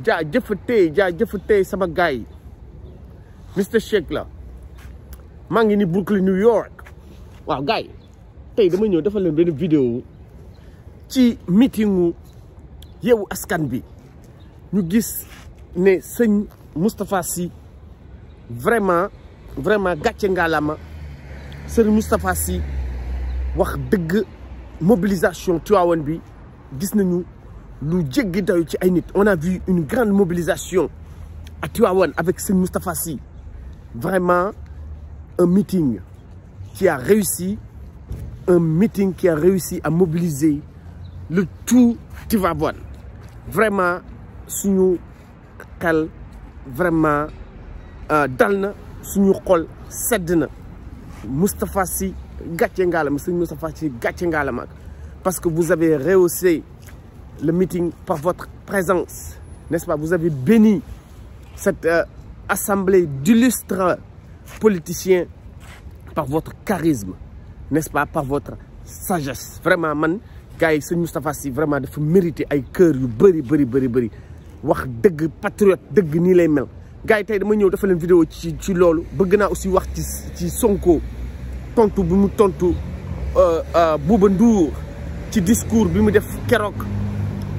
jaa jëfa tey jaa jëfa tey sama gars yi Mister Shake la maa ngi ni Brooklyn New York waaw gars yi tey dama ñëw defal leen benn vidéo ci meetingu Yewwi Askan bi ñu gis ne sëñ Moustapha si vraiment vraiment gàcce nga ngaalama sëñ Moustapha si wax dëgg mobilisation Tivaouane bi gis nañu lu on a vu une grande mobilisation à Tivaouane avec Serigne Moustapha Sy vraiment un meeting qui a réussi un meeting qui a réussi à mobiliser le tout Tivaouane vraiment suñu kal, vraiment euh, sunu suñu xol sedd na Moustapha Sy Moustapha parce que vous avez rehaussé le meeting par votre présence. N'est-ce pas Vous avez béni cette euh, assemblée d'illustres politiciens par votre charisme, n'est-ce pas Par votre sagesse. Vraiment, man, gars, c'est Moustapha si vraiment, de faut mériter un cœur bari bari bari bari. wax dëgg patriote dëgg ni lay mel gars yi tey dama ñëw dafa vidéo tu ci loolu bëgg aussi wax ci ci Sonko tontu bi mu euh, Tu euh, ci discours bi def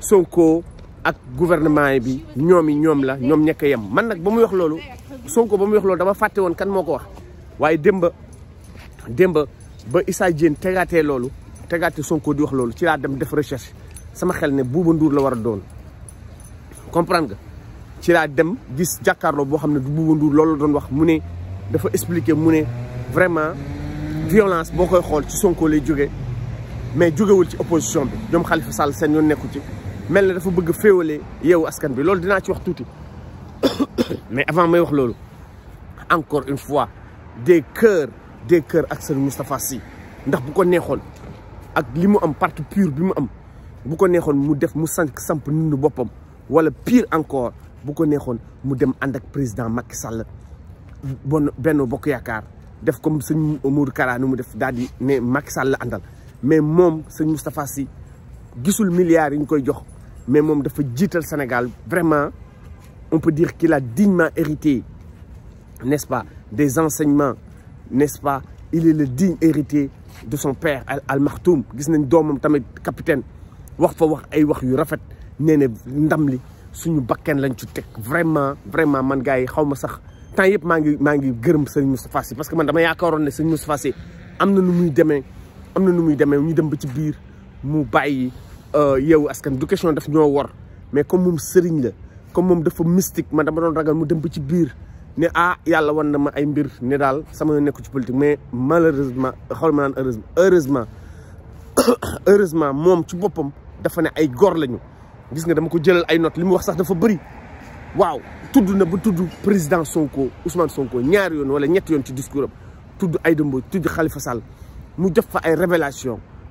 Sonko ak gouvernement bi ñoom ñom la ñom ñekk yem man nak bamuy wax lolu Sonko bamuy wax lolu dama faté won kan moko wax waye demba demba ba Issa Diène tégaté lolu tégaté Sonko di wax lolu ci la dem def recherche sama xel ne Bouba Ndour la wara doon comprendre nga ci la dem gis jakarlo bo xamné du Bouba Ndour lolu doon wax mu ne dafa expliquer mu ne vraiment violence bokoy xol ci Sonko lay jóge mais jógewul ci opposition bi ñom Khalifa Sall sen yoon nekku ci mel na dafa bëgg féewale yow askan bi loolu dinaa ci wax mais avant may wax loolu encore une fois des cœurs des cœurs ak Moustapha Sy ndax bu ko neexoon ak parti pur bi am bu ko mu def mu pire encore bu ko neexoon mu président Macky Sall bon Bokk def comme sëñ ne Macky Sall mais moom sëñ Moustapha Sy gisul milliards mais de dafa jiital Sénégal vraiment on peut dire qu'il a dignement hérité n'est-ce pas des enseignements n'est-ce pas il est le digne héritier de son père Al Martoum gis nañ doomam tamit capitaine wax fa wax ay wax yu rafet nee ndam li suñu bakken lañ ci tek vraiment vraiment man gay, xawma sax tan yep mangi mangi maa ngi Moustapha Sy parce que man dama yaakaaroon ne sëñ Moustapha Sy amna nu muy démé amna nu muy démé ñu dem ba ci bir mu bayyi Euh, yow askan du question daf ñoo wor mais comme moom sëriñ la comme moom dafa mystique man dama doon ragal mu dem ba ci biir ne ah yàlla wan na ma ay mbir ne daal sama yoon nekku ci politique mais malheureusement xaw ma naan heureusement heureusement heureusement moom ci boppam dafa ne ay góor lañu gis nga dama ko jëlal ay not li mu wax sax dafa bëri waaw tudd na bu tudd président Sonko Ousmane Sonko ñaari yoon wala ñetti yoon ci discours am tudd ay Mbodj tudd Khalifa Sall mu def fa ay révélation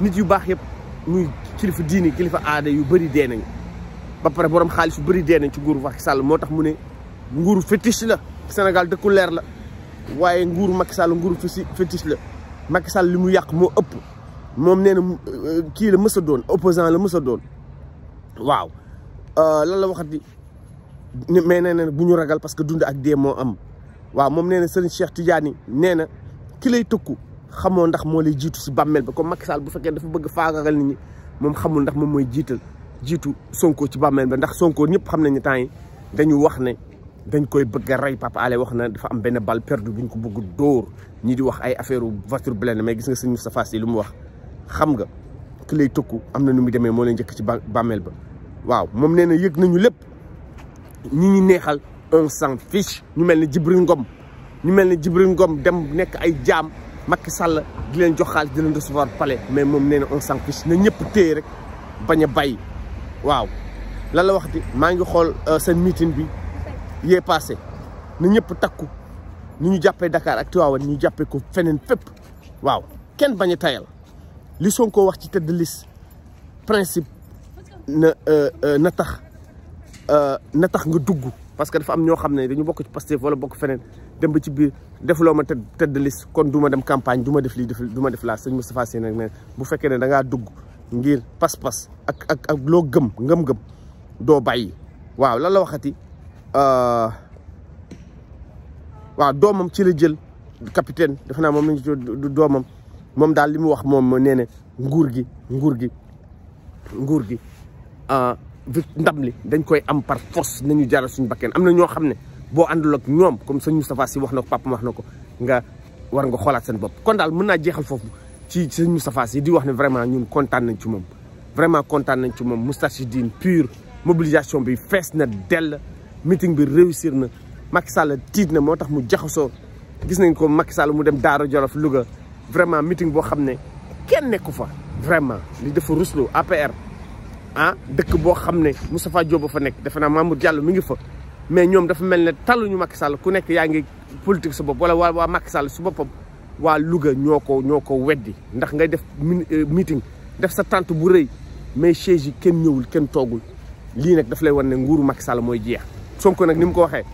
nit yu baax yëpp muy kilifa diini kilifa aada yu bëri dee nañ ba pare borom xaalis yu bëri dee nañ ci nguuru Macky Sall moo tax mu ne nguuru fétiche la Sénégal dëkku leer la waaye nguuru Macky Sall nguuru fétiche la Macky Sall li mu yàq moo ëpp moom nee na euh, kii la mës doon opposant la mës doon waaw euh, lan la waxati mais nee na bu ñu ragal parce que dund ak dee moo am waaw moom nee na Serigne Cheikh Tidiane nee na ki lay tëkku. xamoo ndax moo lay jiitu si bàmmeel ba comme Macky Sall bu fekkee dafa bëgg faagagal nit ñi moom xamul ndax moom mooy jiital jiitu Sonko ci bàmmeel ba ndax Sonko ñëpp xam nañu temps yi dañu wax ne dañ koy bëgg a rey Papa Allé wax na dafa am benn bal perdu bu ñu ko bëgg dóor ñi di wax ay affaire voiture blende mais gis nga sëñ Moustapha Sy lu mu wax xam nga ki lay tëkku am na nu mu demee moo lay njëkk ci bàmmeel ba waaw moom nee na yëg nañu lépp ñi ñu neexal on s'en fiche ñu mel ne Djibril Ngom ñu mel ne Djibril Ngom dem nekk ay jaam Macky Sall di leen jox xaalis di leen recevoir pale mais moom nee na on s'en fiche na ñëpp téye rek bañ a bay waaw lan la wax di maa ngi xool euh, seen meeting bi yee passé na ñëpp takku ni ñu jàppee dakaar ak Tivaouane ni ñu jàppee ko feneen fépp waaw kenn bañ a tayal li ko wax ci tête de liste principe na euh, euh, na na tax nga dugg parce que dafa am ñoo xam ne dañu bokk ci Pastef wala bokk feneen dem ba ci biir defuloo ma tête de liste kon du ma dem campagne du def lii du ma def laa sëñ Moustapha Sy nag ne bu fekkee ne da dugg ngir pas-pas ak ak ak loo gëm ngëm-ngëm doo bay waaw lan waxati euh, waaw doomam ci la jël capitaine def naa moom du ci doomam moom daal li mu wax moom nee ne nguur gi nguur gi nguur gi euh, ndam li dañ koy am par force nañu jaral suñu bakken amna ño xamne bo andul ak ñom comme sëñ Moustapha si wax ko papa wax na nga war nga xoolaat sen bop kon dal mën naa jeexal foofu ci sëñ Moustapha si di wax ne vraiment ñun contane nañ ci mom vraiment contane nañ ci moom din pure mobilisation bi fess na del meeting bi réussir na Macky Sall tiit na motax mu jaxoso gis nañ ko Macky Sall mu dem Daara Jolof luga vraiment meeting bo xamne kenn nekku fa vraiment li def ruslo APR ah dëkk boo xam ne Moustapha Diop fa nekk defe naa Mamour jàll mi ngi fa mais ñoom dafa mel ne taluñu Macky Sall ku nekk yaa ngi politique su bopp wala waa waa Macky Sall su boppam waa luga ñoo ko ñoo ko weddi ndax ngay def euh, meeting def sa tante bu rëy mais chaise yi kenn ñëwul kenn toogul lii nag daf lay wan ne nguuru Macky Sall mooy jeex Sonko nag ni mu ko waxee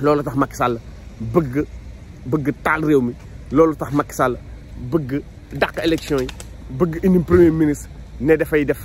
loolu tax Macky Sall bëgg bëgg taal réew mi loolu tax Macky Sall bëgg daq élection yi bëgg indi premier ministre ne dafay def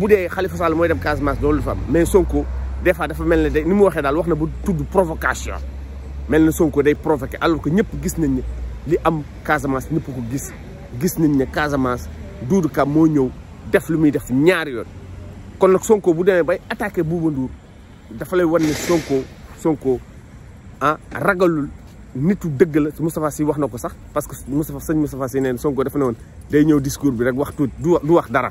bu dee Khalifa Sall mooy dem Casamance loolu dafa am mais Sonko des fois dafa mel ne day ni mu waxee daal wax na bu tudd provocation mel na Sonko day provoqué alors que ñëpp gis nañ ne li am Casamance ñëpp ko gis nañ ne Casamance Doudou Ka moo ñëw def lu muy def ñaari yoon kon nag Sonko bu demee bay attaqué Bouba Ndour dafa lay wan ne Sonko Sonko ah ragalul nitu dëgg la Moustapha Sy wax na ko sax parce que Moustapha sëñ Moustapha Sy neen Sonko dafa day ñëw discours bi rek wax tuuti du wax dara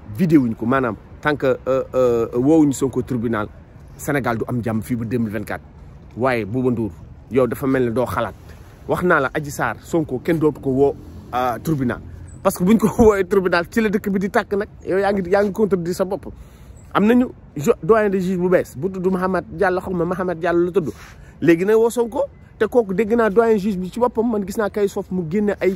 vidé wuñ ko maanaam tant que euh, euh, euh, woowuñu Sonko tribunal Sénégal du am jàmm fii bu ba 2024 waaye Bouba Ndour yow dafa mel ne doo xalaat wax naa la aji Sarr Sonko kenn dootu ko woo tribunal parce que buñ ko woowee tribunal ci la dëkk bi di tàkk nag yooyu yaa ngi yaa ngi contredire sa bopp am nañu doyen de juge bu bees bu tudd Mahamad Diallo xaw ma Mahamad Diallo la tudd léegi nag woo Sonko te kook dégg naa doyen juge bi ci boppam man gis naa kay soof mu génne ay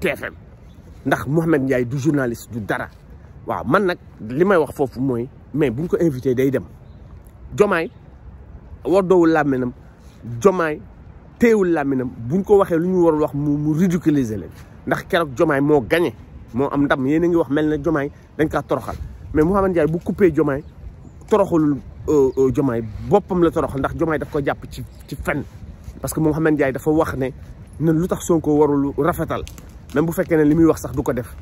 TFM ndax Mouhamed Ndiaye du journaliste du dara waaw man nag li may wax foofu mooy mais bu ñu ko invité day dem jomaay war doowul làmminam jomaay teewul làmminam bu ñu ko waxee lu ñu war wax mu mu ridiculiser leen ndax keroog jomaay moo gagné moo am ndam yéen a ngi wax mel na jomaay dañ kaa toroxal mais Mouhamed Ndiaye bu coupé jomaay toroxalul jomaay boppam la toroxal ndax jomaay daf ko jàpp ci ci fenn parce que Mouhamed Ndiaye dafa wax ne ne lu tax Sonko warul rafetal même bu fekkee ne li muy wax sax du ko def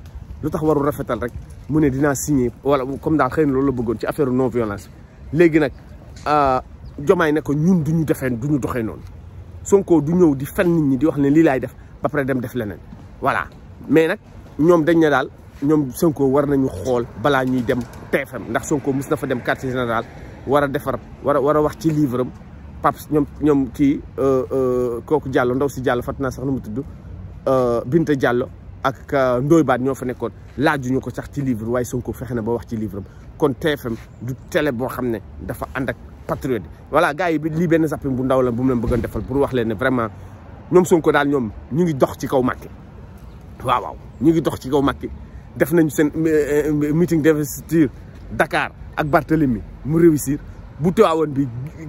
lu warul rafetal rek mu ne dinaa wala comme daal xëy na la bëggoon ci affaire non violence léegi nag jomaay ne ko ñun du ñu defee du ñu Sonko du ñëw di fen nit ñi di wax ne lii laay def ba pare dem def leneen voilà mais nag ñoom dañ ne daal ñoom Sonko war nañu xool balaa ñuy dem TFM ndax Sonko mus fa dem quartier général war defar war a wax ci livre paps ñoom ñoom kii euh, euh, kooku Diallo ndaw si Diallo fàtt naa sax nu mu tudd euh, Binta jàlloo ak Ndoye Bane ñoo fa nekkoon laajuñu ko sax ci livre waaye Sonko fexe na ba wax ci livre am kon TFM du télé boo xam ne dafa ànd ak patriote voilà gars yi bi lii benn zapping bu ndaw la bu mu leen bëggoon defal pour wax leen ne vraiment ñoom Sonko daal ñoom ñu ngi dox ci kaw Macky waaw ñu ngi dox ci kaw Macky def nañu seen meeting d'investiture Dakar ak Barthélemy mu réussir bu tuwaawoon bi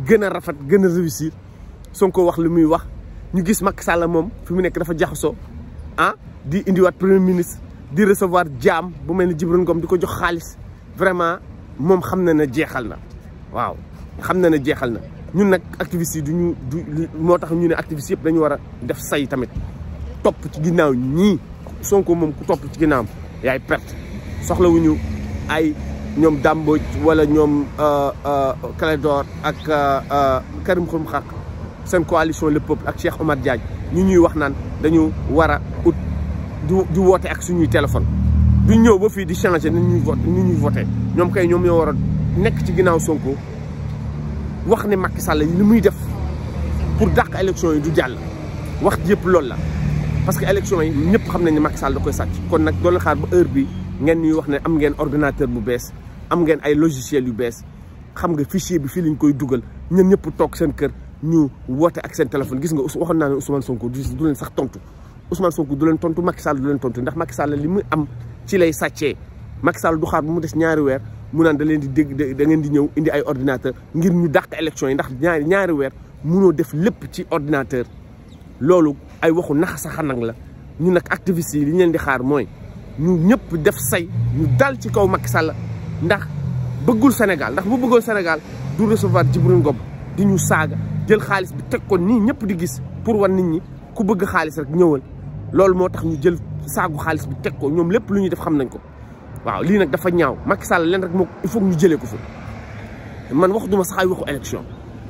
gëna rafet gëna a réussir Sonko wax lu muy wax ñu gis mak sala mom fimu nek dafa jaxoso ah di wat premier ministre di recevoir jam bu melni Jibril Ngom diko jox xaliss vraiment mom xamna na jéxal na waaw xamna na jéxal na ñun nak activiste yi du ñu du tax ñu ne activiste yépp dañu wara def say tamit top ci ginnaaw ñii Sonko mom ku top ci ginaam yaay perte wuñu ay. ñoom Damboj wala ñoom Clédor euh, euh, ak euh, Karim Xrum Xax seen coalition le peuple ak Cheikh Omar jaaj ñu ñuy wax naan dañu war a ut di woote ak suñuy téléphone du ñëw ba fii di changé ni ñuy vote ni ñuy voté ñoom kay ñoom ñoo war a nekk ci ginnaaw Sonko wax ne Macky Sall li muy def pour daq élection yi du jàll wax yëpp loolu la parce que élection yi ñëpp xam nañ ne Macky Sall da koy sàcc kon nag doon la xaar ba heure bi ngeen ñuy wax ne am ngeen ordinateur bu bees am ngeen ay logiciel yu bees xam nga fichier bi fii lañ koy dugal ñun ñëpp toog seen kër ñu woote ak seen téléphone gis nga waxoon naa ne Sonko du leen sax tontu Ousmane Sonko du leen tontu Macky Sall du leen tontu ndax Macky Sall li muy am ci lay sàccee Macky Sall du xaar mu des ñaari weer mu naan da leen di dégg da ngeen di ñëw indi ay ordinateur ngir ñu dàq élection yi ndax ñaari ñaari weer munoo def lépp ci ordinateur loolu ay waxu naxa saxanag la ñu nag activistes yi li ñu leen di xaar mooy ñu ñëpp def say ñu dal ci kaw Macky Sall ndax bëggul Sénégal ndax bu bëggoon Sénégal du recevoir Djibril Ngom di ñu saaga jël xaalis bi teg ko nii ñëpp di gis pour wan nit ñi ku bëgg xaalis rek ñëwal loolu moo tax ñu jël saagu xaalis bi teg ko ñoom lépp lu ñu def xam nañ ko waaw lii nag dafa ñaaw Macky Sall leen rek moo il faut ñu jëlee ko fi man wax duma sax ay waxu élection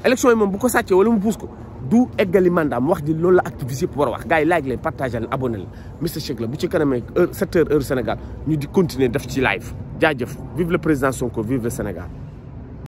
élection yi moom bu ko sàccee wala mu puus ko du eggali mandaam wax ji loolu la activiste yëpp war a wax gars yi like leen partage leen abonné leen Mister ci kanamee heure 7 heures heure Sénégal ñu di continuer def ci live jaajëf vive le président Sonko vive le Sénégal